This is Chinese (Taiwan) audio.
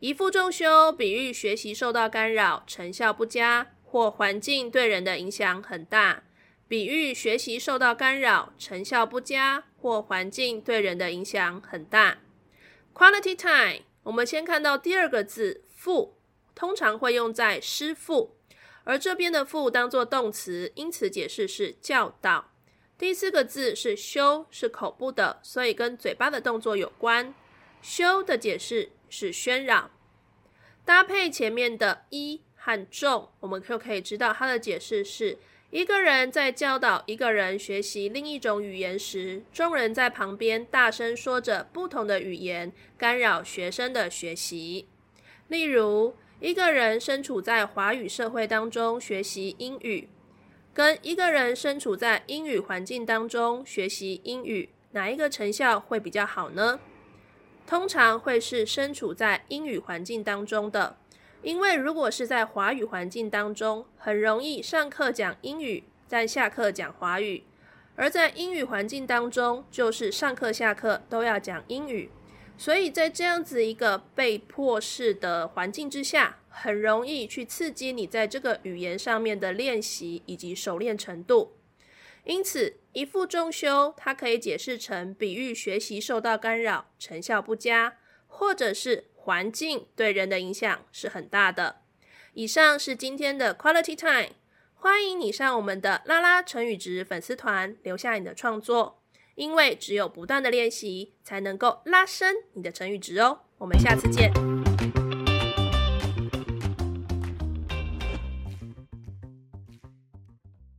一傅眾咻，比喻學習受到干擾，成效不佳，或環境對人的影響很大。比喻學習受到干擾，成效不佳，或環境對人的影響很大。Quality time，我們先看到第二個字傅，通常會用在師傅，而這邊的傅當做動詞，因此解釋是教導。第四個字是咻，是口部的，所以跟嘴巴的動作有關。咻的解釋，是喧嚷，搭配前面的“一”和“眾”，我們就可以知道它的解釋是：一個人在教導一個人學習另一種語言時，眾人在旁邊大聲說着不同的語言，干擾學生的學習。例如，一個人身處在華語社會當中學習英語，跟一個人身處在英語環境當中學習英語，哪一個成效會比較好呢？通常會是身處在英語環境當中的，因為如果是在華語環境當中，很容易上課講英語，在下課講華語；而在英語環境當中，就是上課下課都要講英語，所以在這樣子一個被迫式的環境之下，很容易去刺激你在這個語言上面的練習以及熟練程度。因此，一傅眾咻，它可以解釋成比喻學習受到干擾，成效不佳，或者是環境對人的影響是很大的。以上是今天的 Quality Time，歡迎你上我們的拉拉成語質粉絲團留下你的創作，因為只有不斷的練習才能夠拉升你的成語質哦。我們下次見。